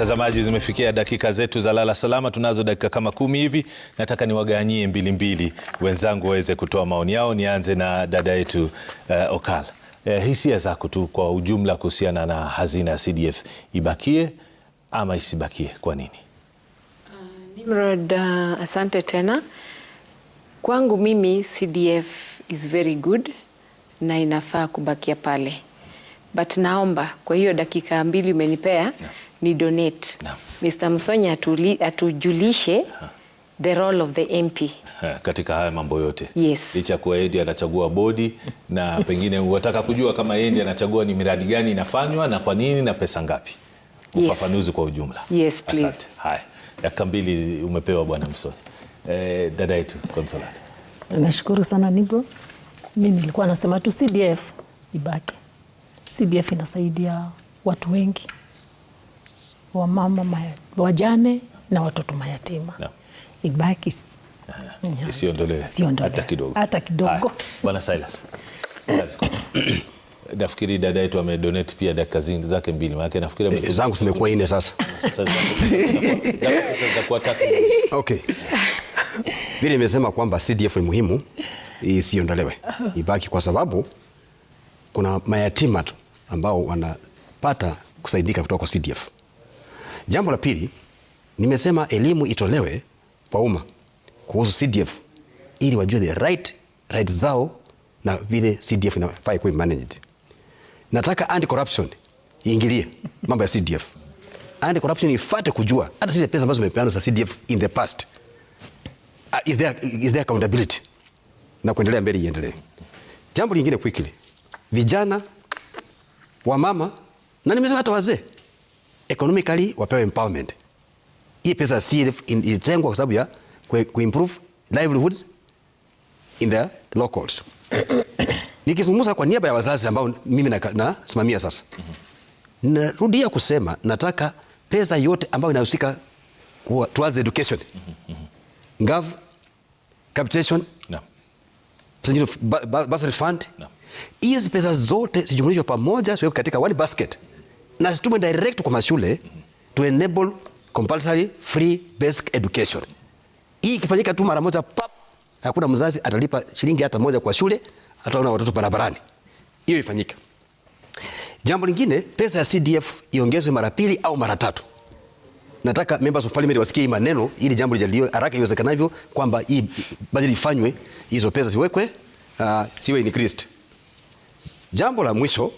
Mtazamaji, zimefikia dakika zetu za lala salama. Tunazo dakika kama kumi hivi, nataka niwaganyie mbili mbili wenzangu waweze kutoa maoni yao. Nianze na dada yetu uh, Okal. Uh, hisia zako tu kwa ujumla kuhusiana na hazina ya CDF ibakie ama isibakie, kwa nini? Uh, Nimrod, uh, asante tena. Kwangu mimi CDF is very good na inafaa kubakia pale, but naomba kwa hiyo dakika mbili umenipea yeah ni donate Mr. Msonya atujulishe the role of the MP katika haya mambo yote yes. Licha kuwa yeye anachagua bodi na pengine wataka kujua kama yeye anachagua ni miradi gani inafanywa na kwa nini na pesa ngapi, ufafanuzi yes. kwa ujumla yes, asante. Haya, dakika mbili umepewa bwana Msonya. Eh, dada yetu Consolata, nashukuru sana Nibro. Mimi nilikuwa nasema tu CDF ibaki, CDF inasaidia watu wengi wamama wajane na watoto mayatima no. Ibaki isiondolewe hata kidogo, hata kidogo. Bwana Silas nafikiri dada yetu amedonate pia dakika zake mbili, maana nafikiri eh, zangu zimekuwa nne sasa. Sasa Okay, vile nimesema kwamba CDF ni muhimu isiondolewe, ibaki, kwa sababu kuna mayatima tu ambao wanapata kusaidika kutoka kwa CDF. Jambo la pili, nimesema elimu itolewe kwa umma kuhusu CDF ili wajue the right, right zao na vile CDF inafaa kuwa managed. Nataka anti corruption iingilie mambo ya CDF. Anti corruption ifate kujua hata zile pesa ambazo zimepeanwa za CDF in the past. Uh, is there, is there accountability? Na kuendelea mbele iendelee. Jambo lingine quickly. Vijana, wamama na nimesema hata wazee economically wapewe empowerment. Hii pesa si ilitengwa kwa sababu ya kuimprove livelihoods in the locals. Nikizungumza kwa niaba ya wazazi ambao mimi nasimamia na sasa, narudia kusema nataka pesa yote ambayo inahusika towards education Gov, capitation no. Basket fund hizi Pesa zote zijumulishwe pamoja, siwekwe katika one basket na situme direct kwa mashule to enable compulsory free basic education. Hii ikifanyika tu mara moja pap, hakuna mzazi atalipa shilingi hata moja kwa shule, ataona watoto barabarani. Hiyo ifanyike. Jambo lingine, pesa ya CDF iongezwe mara pili au mara tatu. Nataka members of parliament wasikie maneno ili jambo lijadiliwe haraka iwezekanavyo, kwamba hii bajeti ifanywe, hizo pesa ziwekwe, uh, ah, siwe increased. Jambo la mwisho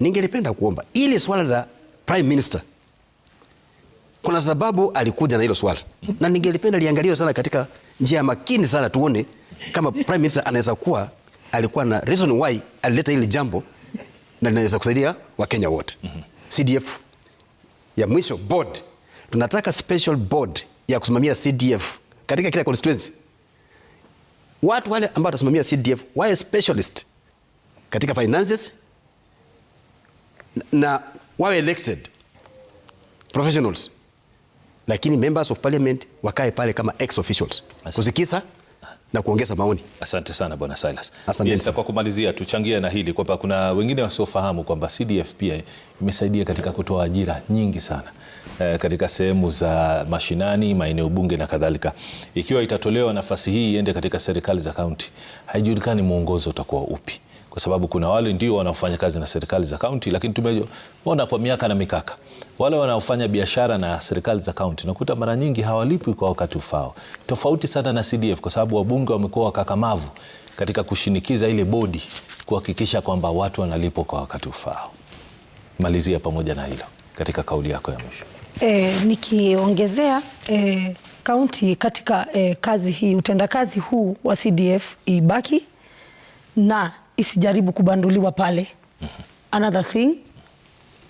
Ningelipenda kuomba ili swala la prime minister, kuna sababu alikuja na hilo swala na ningelipenda liangaliwe sana katika njia makini sana, tuone kama prime minister anaweza kuwa alikuwa na reason why alileta hili jambo na linaweza kusaidia Wakenya wote. Mhm. CDF ya mwisho board, tunataka special board ya kusimamia CDF katika kila constituency. Watu wale ambao watasimamia CDF wae specialist katika finances na wawe elected professionals, lakini members of parliament wakae pale kama ex officials kuzikisa na kuongeza maoni. Asante sana Bwana Silas. Yes, kwa kumalizia tuchangie na hili kwamba kuna wengine wasiofahamu kwamba CDF pia imesaidia katika kutoa ajira nyingi sana e, katika sehemu za mashinani, maeneo bunge na kadhalika. Ikiwa itatolewa nafasi hii iende katika serikali za kaunti, haijulikani mwongozo utakuwa upi kwa sababu kuna wale ndio wanaofanya kazi na serikali za kaunti, lakini tumeona kwa miaka na mikaka wale wanaofanya biashara na serikali za kaunti nakuta mara nyingi hawalipwi kwa wakati ufao, tofauti sana na CDF, kwa sababu wabunge wamekuwa wakakamavu katika kushinikiza ile bodi kuhakikisha kwamba watu wanalipwa kwa wakati ufao. Malizia pamoja na hilo katika kauli yako ya mwisho. E, nikiongezea e, kaunti katika e, kazi hii utendakazi huu wa CDF ibaki na isijaribu kubanduliwa pale. Mhm. Another thing,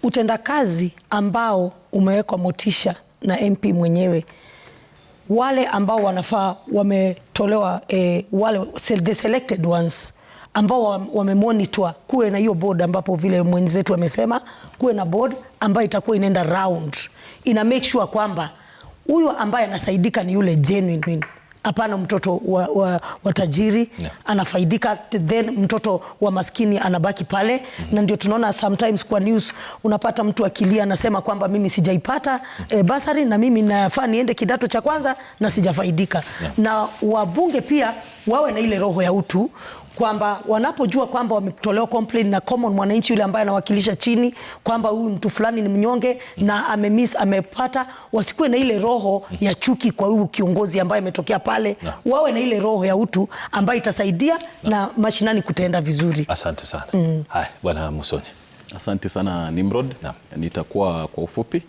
utendakazi ambao umewekwa motisha na MP mwenyewe, wale ambao wanafaa wametolewa, eh, wale the selected ones ambao wamemonitor, kuwe na hiyo board ambapo vile mwenzetu amesema, kuwe na board ambayo itakuwa inaenda round, ina make sure kwamba huyo ambaye anasaidika ni yule genuine Hapana, mtoto wa, wa, wa tajiri yeah. anafaidika, then mtoto wa maskini anabaki pale mm -hmm. na ndio tunaona sometimes kwa news unapata mtu akilia anasema kwamba mimi sijaipata mm -hmm. e, eh, basari na mimi nafaa niende kidato cha kwanza na sijafaidika yeah. na wabunge pia wawe na ile roho ya utu kwamba wanapojua kwamba wametolewa complaint na common mwananchi yule ambaye anawakilisha chini kwamba huyu mtu fulani ni mnyonge na amemiss amepata, wasikuwe na ile roho ya chuki kwa huyu kiongozi ambaye ametokea pale na, wawe na ile roho ya utu ambayo itasaidia na, na mashinani kutenda vizuri. Asante sana. Mm. Hai, Bwana Musoni. Asante sana Nimrod. Nitakuwa kwa ufupi.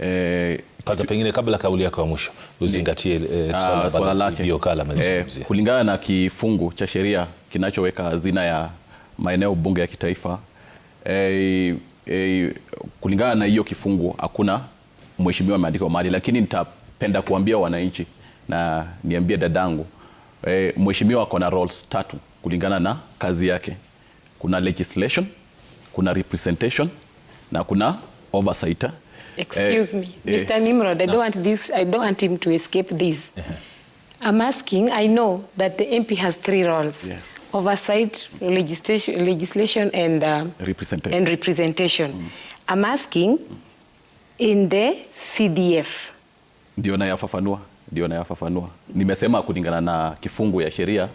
Eh, kwanza pengine kabla kauli yako ya mwisho uzingatie eh, ah, swala, swala lake eh, kulingana na kifungu cha sheria kinachoweka hazina ya maeneo bunge ya kitaifa eh, eh, kulingana na hiyo kifungu hakuna mheshimiwa ameandika mahali, lakini nitapenda kuambia wananchi na niambie dadangu eh, mheshimiwa ako na roles tatu kulingana na kazi yake. Kuna legislation, kuna representation na kuna oversight Excuse uh, me, uh, Mr. Uh, Nimrod, I no. don't want this, I don't want him to escape this. Uh-huh. I'm asking, I know that the MP has three roles. Yes. Oversight, legislation, legislation and, uh, representation. and representation. Mm. I'm asking in the CDF. Do you want to ndio nayafafanua. Nimesema kulingana na kifungu ya sheria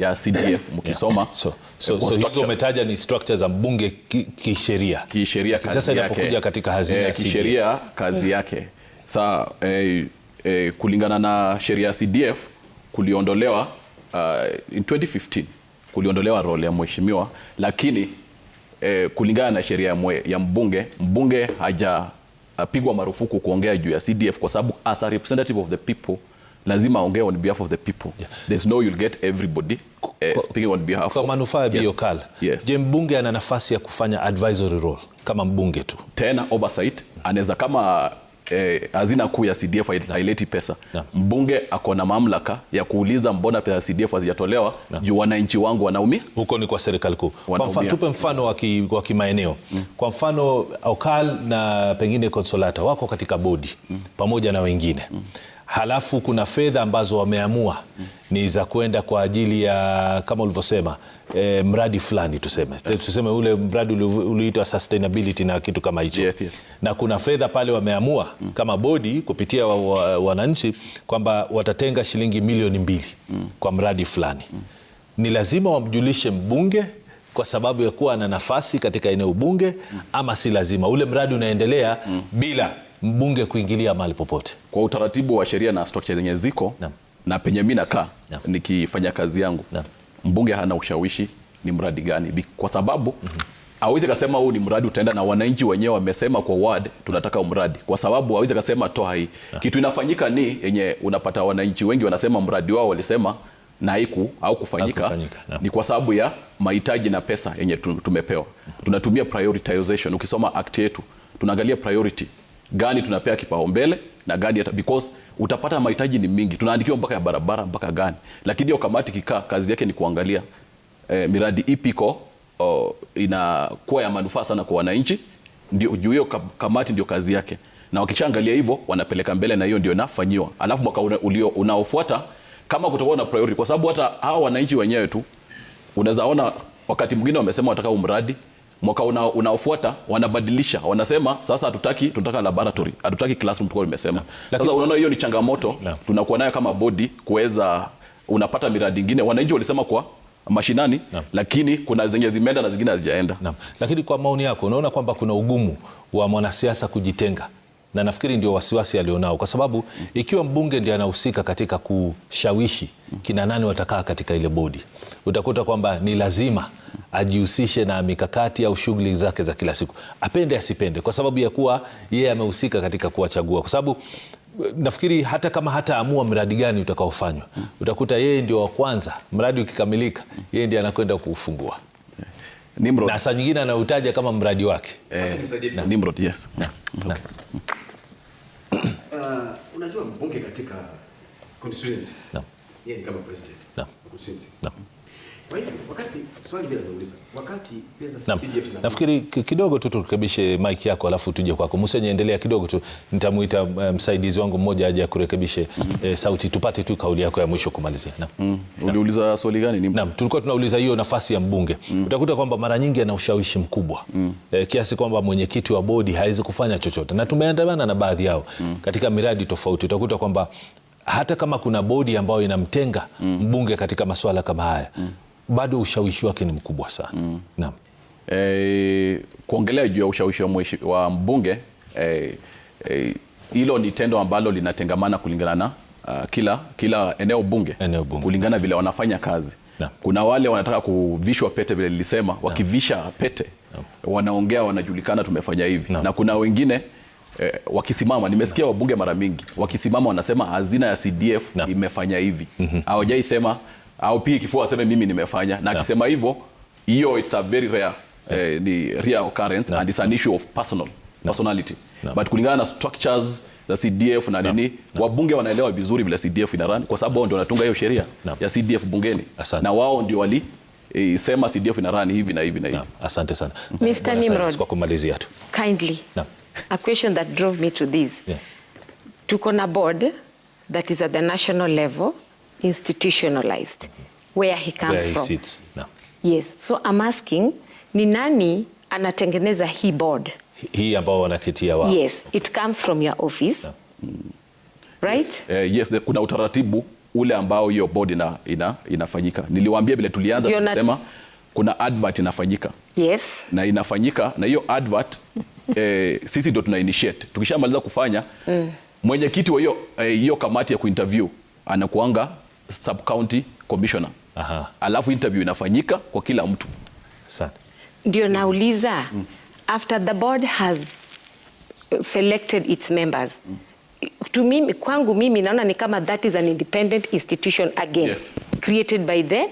ya CDF mkisoma yeah. so, so, so hizo umetaja ni structure za mbunge kisheria ki kisheria kazi sasa inapokuja katika hazina eh, ya eh, kisheria kazi mm. yake saa eh, eh, kulingana na sheria ya CDF kuliondolewa uh, in 2015 kuliondolewa role ya mheshimiwa, lakini eh, kulingana na sheria ya, ya mbunge mbunge haja apigwa marufuku kuongea juu ya CDF kwa sababu as a representative of the people lazima aongee on behalf of the people yeah. There's no you'll get everybody uh, speaking on behalf kwa manufaa ya Biokal yes. Je, mbunge ana nafasi ya kufanya advisory role kama mbunge tu tena oversight anaweza kama Eh, hazina eh, kuu ya CDF haileti pesa yeah. Mbunge ako na mamlaka ya kuuliza mbona pesa ya CDF hazijatolewa juu wananchi wangu wanaumia. Huko ni kwa serikali kuu. Tupe mfano wa kimaeneo mm. Kwa mfano Okal na pengine Konsolata wako katika bodi mm. pamoja na wengine mm halafu kuna fedha ambazo wameamua ni za kwenda kwa ajili ya kama ulivyosema e, mradi fulani tuseme tuseme ule mradi ulioitwa sustainability na kitu kama hicho yeah, yeah. Na kuna fedha pale wameamua mm. kama bodi kupitia wananchi wa, wananchi kwamba watatenga shilingi milioni mbili mm. kwa mradi fulani mm. Ni lazima wamjulishe mbunge kwa sababu ya kuwa na nafasi katika eneo bunge mm. ama si lazima ule mradi unaendelea mm. bila mbunge kuingilia mahali popote kwa utaratibu wa sheria na structure zenye ziko na, na penye mimi nakaa nikifanya kazi yangu na. Mbunge hana ushawishi ni mradi gani, kwa sababu mm -hmm. Hawezi kasema huu ni mradi utaenda, na wananchi wenyewe wamesema kwa ward tunataka mradi, kwa sababu hawezi kasema toa hii ah. kitu. Inafanyika ni yenye unapata wananchi wengi wanasema mradi wao walisema na haiku au kufanyika, kufanyika ni kwa sababu ya mahitaji na pesa yenye tumepewa. Mm. Tunatumia prioritization. Ukisoma act yetu tunaangalia priority gani tunapea kipaumbele na gani because utapata mahitaji ni mingi, tunaandikiwa mpaka ya barabara mpaka gani, lakini hiyo kamati kikaa kazi yake ni kuangalia eh, miradi ipi iko oh, inakuwa ya manufaa sana kwa wananchi, ndio juu hiyo kamati ndio kazi yake, na wakishaangalia hivyo wanapeleka mbele, na hiyo ndio inafanyiwa, alafu mwaka ulio unaofuata kama kutakuwa na priority, kwa sababu hata hawa wananchi wenyewe tu unaweza ona wakati mwingine wamesema wataka umradi mwaka una, unaofuata wanabadilisha, wanasema sasa hatutaki, tunataka laboratory, hatutaki classroom tulikuwa tumesema. Sasa unaona hiyo ni changamoto na tunakuwa nayo kama bodi kuweza, unapata miradi ingine wananchi walisema kwa mashinani na, lakini kuna zenye zimeenda na zingine hazijaenda. lakini kwa maoni yako unaona kwamba kuna ugumu wa mwanasiasa kujitenga na nafikiri ndio wasiwasi alionao, kwa sababu ikiwa mbunge ndiye anahusika katika kushawishi kina nani watakaa katika ile bodi, utakuta kwamba ni lazima ajihusishe na mikakati au shughuli zake za kila siku, apende asipende, kwa sababu ya kuwa yeye amehusika katika kuwachagua, kwa sababu eh, nafikiri hata kama hataamua mradi gani utakaofanywa, utakuta yeye ndio wa kwanza. Mradi ukikamilika, yeye ndiye anakwenda kuufungua Nimrod. na saa nyingine anautaja kama mradi wake eh, Nimrod, yes. na. Okay. Na. Uh, unajua mbunge katika constituency. No. Yeye ni kama president. No. Constituency. No nafkiri na kidogo tu turekebishe mic yako alafu tuje kwako. Musenye, endelea kidogo tu, nitamuita eh, msaidizi wangu mmoja aje akurekebishe mm -hmm. sauti tupate tu kauli yako ya mwisho kumalizia. Naam. Mm. Uliuliza swali gani? Naam, tulikuwa tunauliza hiyo nafasi ya mbunge. Mm. Utakuta kwamba mara nyingi ana ushawishi mkubwa. Mm. E, kiasi kwamba mwenyekiti wa bodi hawezi kufanya chochote. Na tumeandamana na baadhi yao mm. katika miradi tofauti. Utakuta kwamba hata kama kuna bodi ambayo inamtenga mm. mbunge katika masuala kama haya mm bado ushawishi wake ni mkubwa sana mm. Naam. E, kuongelea juu ya ushawishi wa mbunge eh, eh, hilo e, e, ni tendo ambalo linatengamana kulingana na uh, kila, kila eneo bunge, eneo bunge kulingana vile wanafanya kazi na. Kuna wale wanataka kuvishwa pete vile lilisema wakivisha pete na. Wanaongea, wanajulikana, tumefanya hivi na, na kuna wengine e, wakisimama nimesikia wabunge mara mingi wakisimama wanasema hazina ya CDF na. imefanya hivi mm -hmm. Hawajai sema au pia kifua aseme mimi nimefanya, na akisema hivyo hiyo it's a very rare yeah. eh, ni rare occurrence yeah. and it's an issue of personal yeah. personality yeah. but kulingana na structures za CDF na nini yeah. wabunge wanaelewa vizuri vile CDF ina run kwa sababu wao ndio wanatunga hiyo sheria yeah. ya CDF bungeni Asante. na wao ndio wali eh, sema CDF ina run hivi na hivi na hivi yeah. Asante sana Mr. Mm-hmm. Nimrod, kwa kumalizia tu kindly yeah. a question that drove me to this yeah. tuko na board that is at the national level institutionalized where he comes where he from. Sits now. Yes. So I'm asking ni nani anatengeneza hii board? Hii ambao wanakitia wao. Yes, okay. It comes from your office. yeah. Right? Yes, uh, yes kuna utaratibu ule ambao hiyo board ina, ina, inafanyika. Niliwaambia bila tulianza kusema kuna advert inafanyika. Yes. Na inafanyika na hiyo advert eh, sisi ndio tuna initiate. Tukishamaliza kufanya mm. Mwenyekiti wa hiyo eh, kamati ya kuinterview anakuanga sub county commissioner. Aha. Alafu interview inafanyika kwa kila mtu. Sasa ndio nauliza mm. after the board has selected its members mm. To mimi, kwangu mimi naona ni kama that is an independent institution again yes. created by the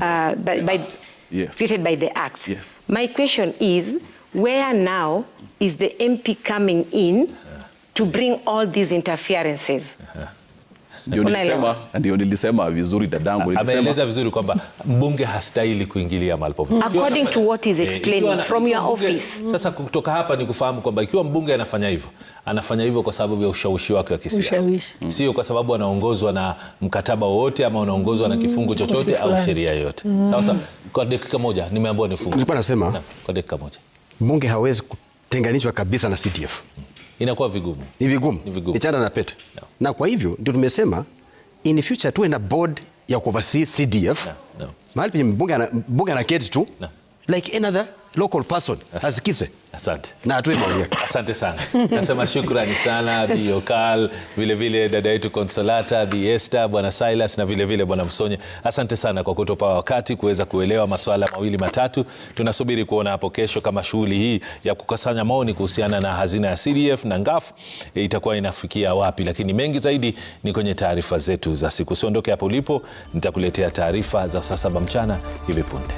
uh, by, by yes. created by the act yes. My question is where now is the MP coming in to bring all these interferences uh-huh ndio nilisema, vizuri dadangu, ameeleza vizuri kwamba mbunge hastahili kuingilia mahali popote. According to what is eh, explained from your office. Sasa kutoka hapa ni kufahamu kwamba ikiwa mbunge anafanya hivyo, anafanya hivyo kwa sababu ya ushawishi wake wa kisiasa, mm. sio kwa sababu anaongozwa na mkataba wowote ama anaongozwa na mm. kifungu chochote au sheria yoyote. Mm. Sasa kwa dakika moja nimeambiwa nifunge, nilikuwa nasema kwa dakika moja mbunge hawezi kutenganishwa kabisa na CDF inakuwa vigumu, ni vigumu, ichana na pete no. Na kwa hivyo ndio tumesema in future tuwe na board ya kuoversee CDF no. No. mahali penye mbunge anaketi tu no. like another local person asikize Asante, na atue maoni yake. Asante sana, nasema shukrani sana Bi vilevile dada yetu Consolata, Bi Bwana Silas na vilevile Bwana Msonye, asante sana kwa kutupa wakati kuweza kuelewa masuala mawili matatu. Tunasubiri kuona hapo kesho kama shughuli hii ya kukasanya maoni kuhusiana na hazina ya CDF na Ngafu eh, itakuwa inafikia wapi, lakini mengi zaidi ni kwenye taarifa zetu za siku. Usiondoke hapo ulipo, nitakuletea taarifa za saa saba mchana hivi punde.